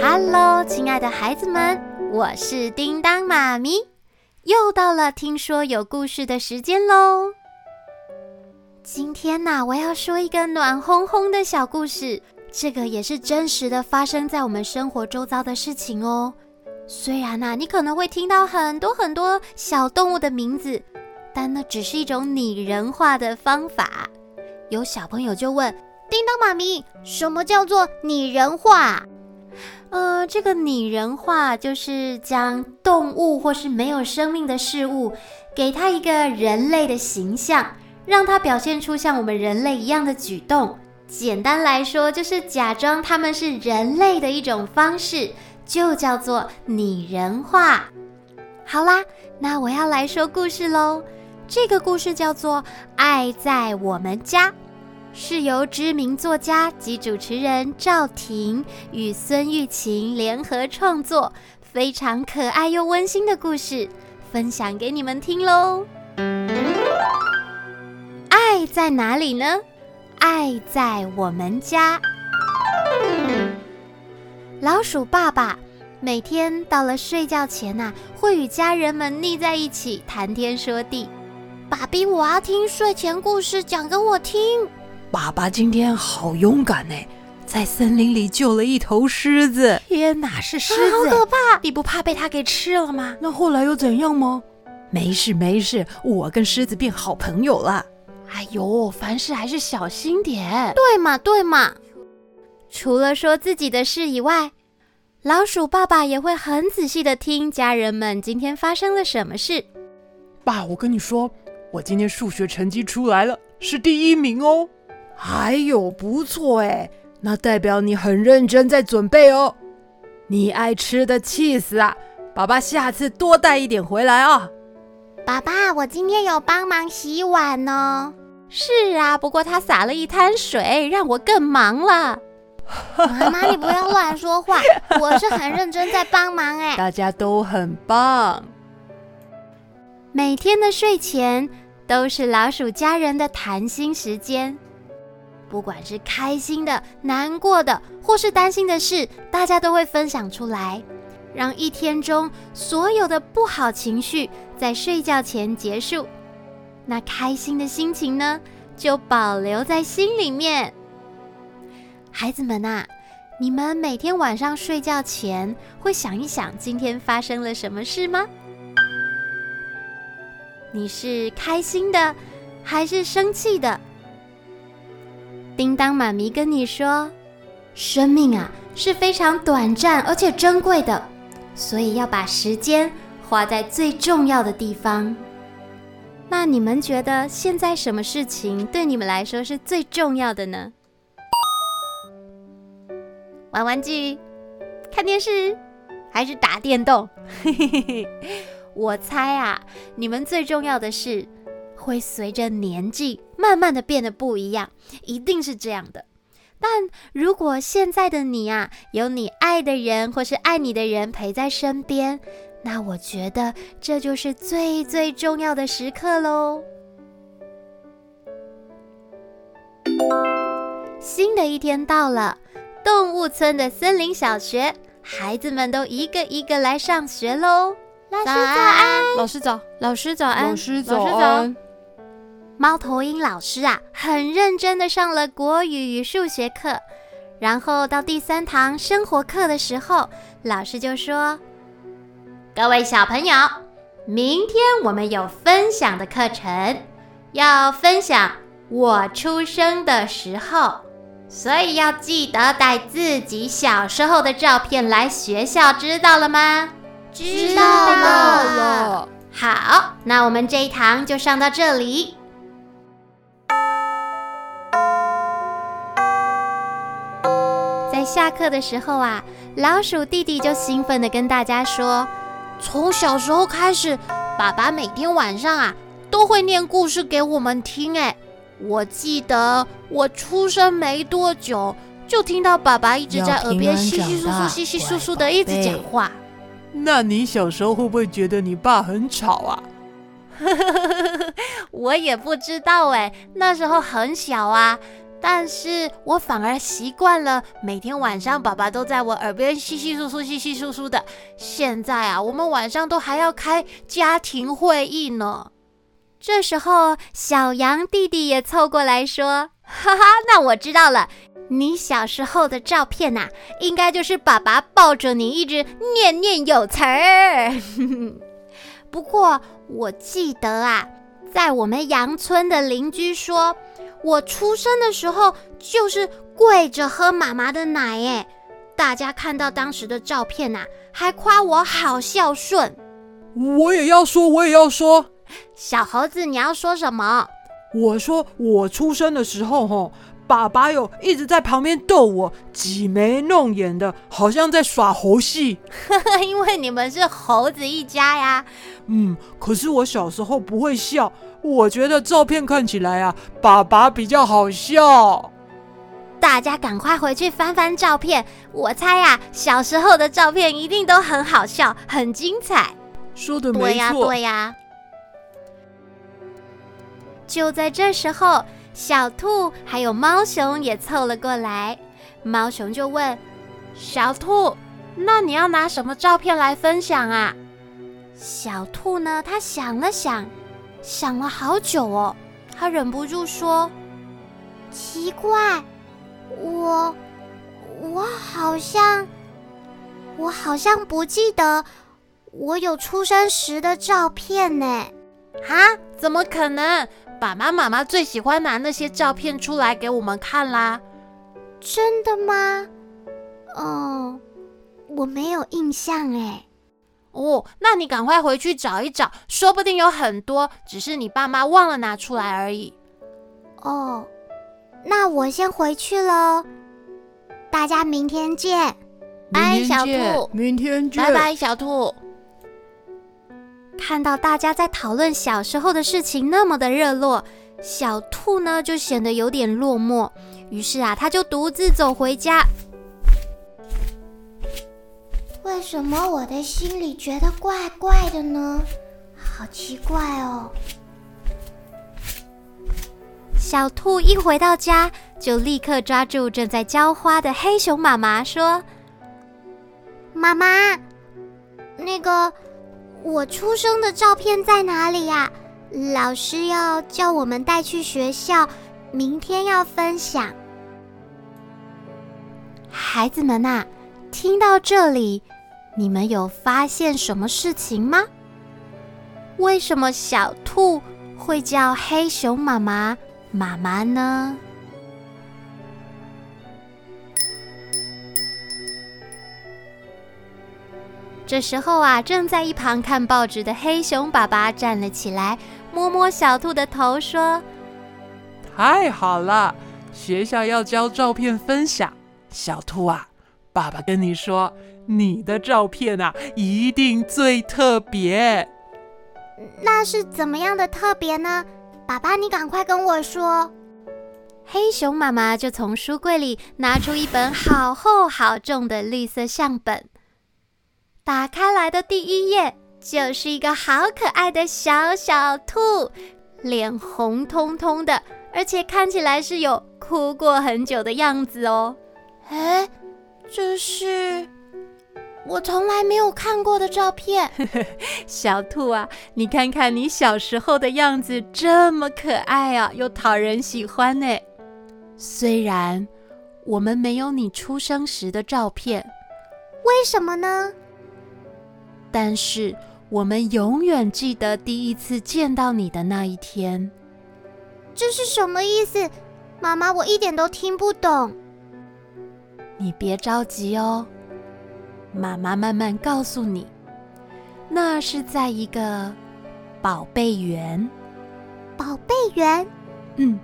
Hello，親愛的孩子們，我是叮噹媽咪，又到了聽說有故事的時間嘍。今天呢、啊，我要說一個暖烘烘的小故事，這個也是真實的發生在我們生活周遭的事情哦。雖然呢、啊，你可能會聽到很多很多小動物的名字。但那只是一種擬人化的方法。有小朋友就問：“叮噹媽咪，什麼叫做擬人化？”呃，這個擬人化就是將動物或是沒有生命的事物，給它一個人類的形象，讓它表現出像我們人類一樣的舉動。簡單來說，就是假裝他們是人類的一種方式，就叫做擬人化。好啦，那我要來說故事嘍。這個故事叫做《愛在我們家》，是由知名作家及主持人趙婷與孫玉勤聯合創作，非常可愛又溫馨的故事，分享給你們聽嘍。愛在哪裡呢？愛在我們家。老鼠爸爸每天到了睡覺前吶、啊，會與家人們膩在一起，談天說地。爸比，我要、啊、聽睡前故事，講給我聽。爸爸今天好勇敢呢，在森林裡救了一頭獅子。天哪，是獅子，啊、好可怕！你不怕被它給吃了嗎？那後來又怎樣嗎？沒事沒事，我跟獅子變好朋友了。哎呦，凡事還是小心點。對嘛對嘛，除了說自己的事以外，老鼠爸爸也會很仔細地聽家人們今天發生了什麼事。爸，我跟你說。我今天數學成績出來了，是第一名哦。還有不錯哎，那代表你很認真在準備哦。你愛吃的起司啊，爸爸下次多帶一點回來哦、啊。爸爸，我今天有幫忙洗碗呢、哦。是啊，不過他撒了一灘水，讓我更忙了。媽媽，你不要亂說話， 我是很認真在幫忙哎。大家都很棒。每天的睡前都是老鼠家人的談心時間，不管是開心的、難過的，或是擔心的事，大家都會分享出來，讓一天中所有的不好情緒在睡覺前結束。那開心的心情呢，就保留在心裡面。孩子們吶、啊，你們每天晚上睡覺前會想一想今天發生了什麼事嗎？你是開心的，還是生氣的？叮噹媽咪跟你說，生命啊是非常短暫而且珍貴的，所以要把時間花在最重要的地方。那你們覺得現在什麼事情對你們來說是最重要的呢？玩玩具、看電視，還是打電動？ 我猜啊，你們最重要的事會隨着年紀慢慢的變得不一樣，一定是這樣的。但如果現在的你啊，有你愛的人或是愛你的人陪在身邊，那我覺得這就是最最重要的時刻嘍。新的一天到了，動物村的森林小學，孩子們都一個一個來上學嘍。老師早安，老師早，老師早，老師早安，老師早，老師早安。貓頭鷹老師啊，很認真的上了國語與數學課，然後到第三堂生活課的時候，老師就說：“各位小朋友，明天我們有分享的課程，要分享我出生的時候，所以要記得帶自己小時候的照片來學校，知道了嗎？”知道了。好，那我們這一堂就上到這裡。在下課的時候啊，老鼠弟弟就興奮的跟大家說：“從小時候開始，爸爸每天晚上啊，都會念故事給我們聽。哎，我記得我出生沒多久，就聽到爸爸一直在耳邊窸窸窣窣、窸窸窣窣的一直講話。”那你小時候會不會覺得你爸很吵啊？ 我也不知道哎，那時候很小啊，但是我反而習慣了，每天晚上爸爸都在我耳邊窸窸窣窣、窸窸窣窣的。現在啊，我們晚上都還要開家庭會議呢。這時候，小羊弟弟也湊過來說：“哈哈，那我知道了。”你小時候的照片吶、啊，應該就是爸爸抱着你，一直念念有詞兒。不過我記得啊，在我們羊村的鄰居說，我出生的時候就是跪着喝媽媽的奶。誒，大家看到當時的照片吶、啊，還誇我好孝順。我也要說，我也要說。小猴子，你要說什麼？我說我出生的時候，吼。爸爸喲，一直在旁邊逗我，擠眉弄眼的，好像在耍猴戲。 因為你們是猴子一家呀。嗯，可是我小時候不會笑，我覺得照片看起來啊，爸爸比較好笑。大家趕快回去翻翻照片，我猜呀，小時候的照片一定都很好笑，很精彩。說的沒錯。對呀，對呀。就在這時候。小兔還有貓熊也湊了過來，貓熊就問小兔：“那你要拿什麼照片來分享啊？”小兔呢，他想了想，想了好久哦，他忍不住說：“奇怪，我我好像我好像不記得我有出生時的照片呢。”啊？怎麼可能？爸媽、媽媽最喜歡拿那些照片出來給我們看啦。真的嗎？哦，我沒有印象哎。哦，那你趕快回去找一找，說不定有很多，只是你爸媽忘了拿出來而已。哦，那我先回去嘍。大家明天見。明天見，拜拜，小兔。看到大家在討論小時候的事情，那麼的熱絡，小兔呢就顯得有點落寞。於是啊，他就獨自走回家。為什麼我的心裡覺得怪怪的呢？好奇怪哦！小兔一回到家，就立刻抓住正在澆花的黑熊媽媽說：“媽媽，那個。”我出生的照片在哪裡呀？老師要叫我們帶去學校，明天要分享。孩子們吶，聽到這裡，你們有發現什麼事情嗎？為什麼小兔會叫黑熊媽媽媽媽呢？這時候啊，正在一旁看報紙的黑熊爸爸站了起來，摸摸小兔的頭，說：“太好了，學校要交照片分享。小兔啊，爸爸跟你說，你的照片啊，一定最特別。那是怎麼樣的特別呢？爸爸，你趕快跟我說。”黑熊媽媽就從書櫃裡拿出一本好厚好重的綠色相本。打開來的第一頁就是一個好可愛的小小兔，臉紅彤彤的，而且看起來是有哭過很久的樣子哦。誒，這是我從來沒有看過的照片。 小兔啊，你看看你小時候的樣子，這麼可愛啊，又討人喜歡呢。雖然我們沒有你出生時的照片，為什麼呢？但是我們永遠記得第一次見到你的那一天。這是什麼意思？媽媽，我一點都聽不懂。你別着急哦，媽媽慢慢告訴你。那是在一個寶貝園。寶貝園？嗯，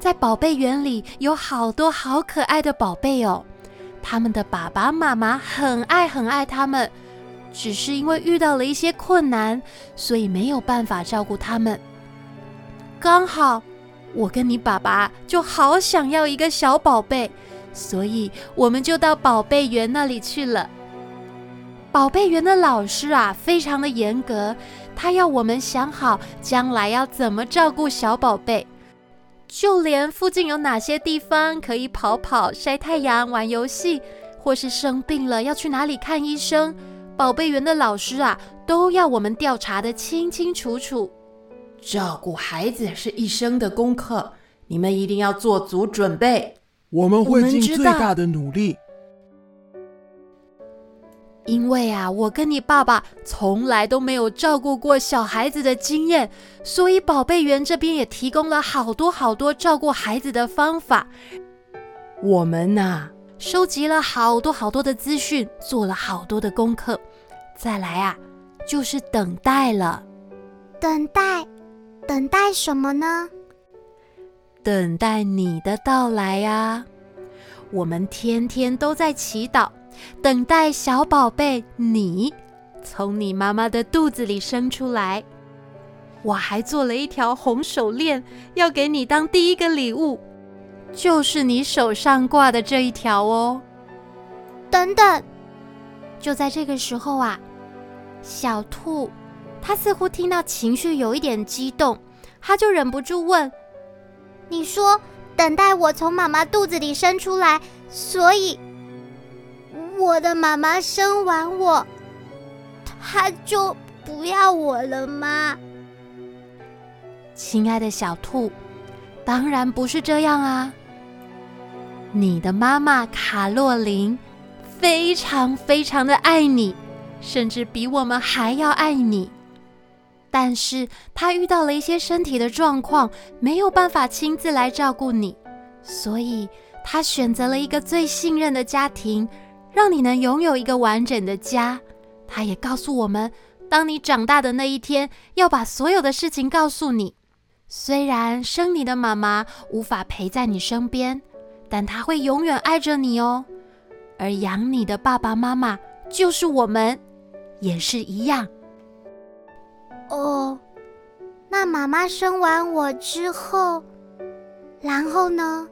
在寶貝園裡有好多好可愛的寶貝哦，他們的爸爸媽媽很愛很愛他們。只是因為遇到了一些困難，所以沒有辦法照顧他們。剛好我跟你爸爸就好想要一個小寶貝，所以我們就到寶貝園那裡去了。寶貝園的老師啊，非常的嚴格，他要我們想好將來要怎麼照顧小寶貝，就連附近有哪些地方可以跑跑、曬太陽、玩遊戲，或是生病了要去哪裡看醫生。寶貝園的老師啊，都要我們調查得清清楚楚。照顧孩子是一生的功課，你們一定要做足準備。我們會盡最大的努力。因為啊，我跟你爸爸從來都沒有照顧過小孩子的經驗，所以寶貝園這邊也提供了好多好多照顧孩子的方法。我們呢、啊？收集了好多好多的資訊，做了好多的功課，再來啊，就是等待了，等待，等待什麼呢？等待你的到來呀！我們天天都在祈禱，等待小寶貝你從你媽媽的肚子裡生出來。我還做了一條紅手鏈，要給你當第一個禮物。就是你手上掛的這一條哦。等等，就在這個時候啊，小兔，它似乎聽到情緒有一點激動，它就忍不住問：“你說，等待我從媽媽肚子裡生出來，所以我的媽媽生完我，她就不要我了嗎？”親愛的小兔，當然不是這樣啊！你的媽媽卡洛琳非常非常的愛你，甚至比我們還要愛你。但是她遇到了一些身體的狀況，沒有辦法親自來照顧你，所以她選擇了一個最信任的家庭，讓你能擁有一個完整的家。她也告訴我們，當你長大的那一天，要把所有的事情告訴你。雖然生你的媽媽無法陪在你身邊，但她會永遠愛着你哦。而養你的爸爸媽媽就是我們，也是一樣。哦，oh, 那媽媽生完我之後，然後呢？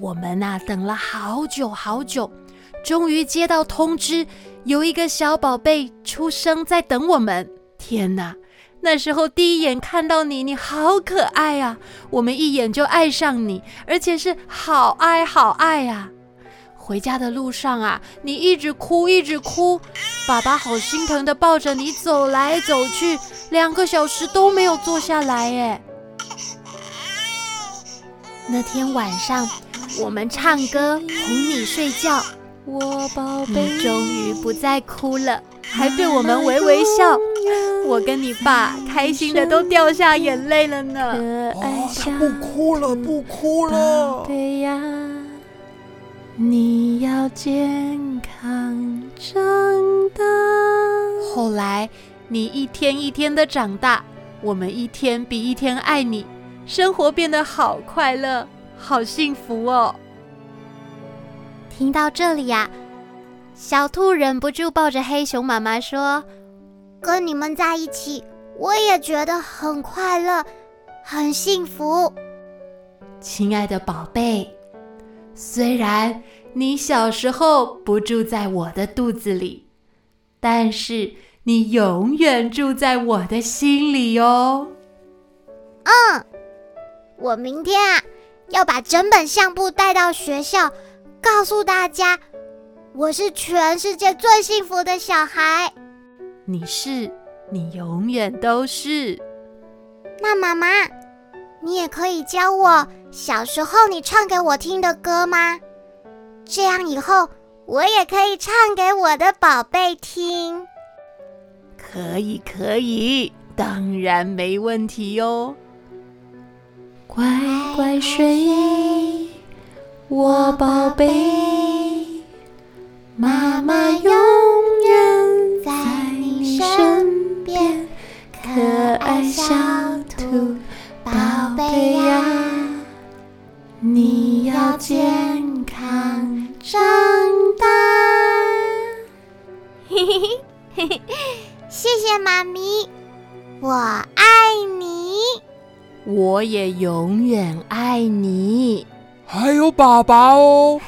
我們啊等了好久好久，終於接到通知，有一個小寶貝出生在等我們。天哪！那時候第一眼看到你，你好可愛啊。我們一眼就愛上你，而且是好愛好愛啊。回家的路上啊，你一直哭一直哭，爸爸好心疼的抱着你走來走去，兩個小時都沒有坐下來耶。那天晚上我們唱歌哄你睡覺，我寶貝終於不再哭了，還對我們微微笑。我跟你爸開心的都掉下眼淚了呢！不哭了，不哭了！對呀，你要健康長大。後來你一天一天的長大，我們一天比一天愛你，生活變得好快樂，好幸福哦！聽到這裡呀、啊，小兔忍不住抱着黑熊媽媽說。跟你們在一起，我也覺得很快樂，很幸福。親愛的寶貝，雖然你小時候不住在我的肚子裡，但是你永遠住在我的心裡哦。嗯，我明天啊要把整本相簿帶到學校，告訴大家，我是全世界最幸福的小孩。你是，你永遠都是。那媽媽，你也可以教我小時候你唱給我聽的歌嗎？這樣以後我也可以唱給我的寶貝聽。可以，可以，當然沒問題喲。乖乖睡，我寶貝，媽媽。還有爸爸哦，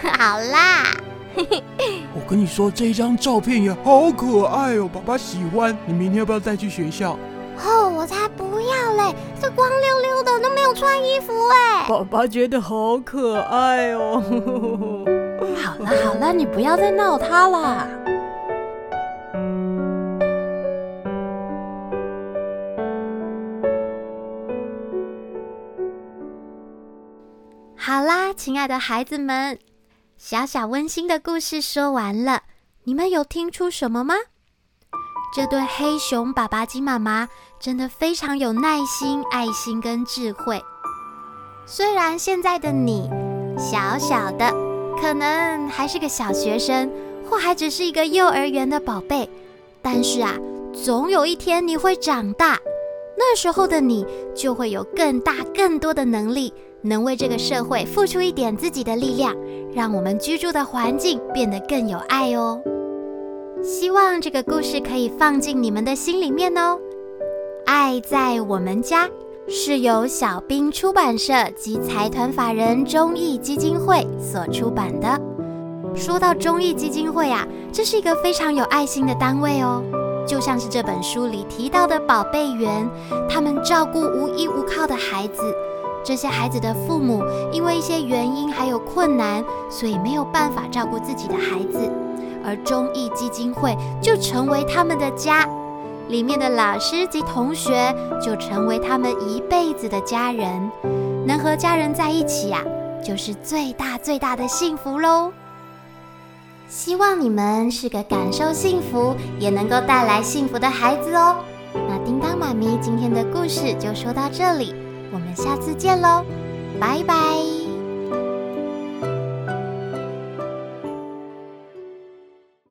好啦，我跟你說，這張照片也好可愛哦，爸爸喜歡。你明天要不要再去學校？哦，我才不要嘞，這光溜溜的都沒有穿衣服哎。爸爸覺得好可愛哦。 好了好了，你不要再鬧他啦。好啦，親愛的孩子們，小小溫馨的故事說完了，你們有聽出什麼嗎？這對黑熊爸爸及媽媽真的非常有耐心、愛心跟智慧。雖然現在的你小小的，可能還是個小學生，或還只是一個幼兒園的寶貝，但是啊，總有一天你會長大，那時候的你就會有更大、更多的能力。能為這個社會付出一點自己的力量，讓我們居住的環境變得更有愛哦。希望這個故事可以放進你們的心裡面哦。愛在我們家是由小兵出版社及財團法人忠義基金會所出版的。說到忠義基金會啊，這是一個非常有愛心的單位哦，就像是這本書裡提到的寶貝園，他們照顧無依無靠的孩子。這些孩子的父母因為一些原因還有困難，所以沒有辦法照顧自己的孩子，而忠義基金會就成為他們的家，裡面的老師及同學就成為他們一輩子的家人，能和家人在一起呀、啊，就是最大最大的幸福嘍。希望你們是個感受幸福，也能夠帶來幸福的孩子哦。那叮噹媽咪今天的故事就說到這裡。我們下次見嘍，拜拜。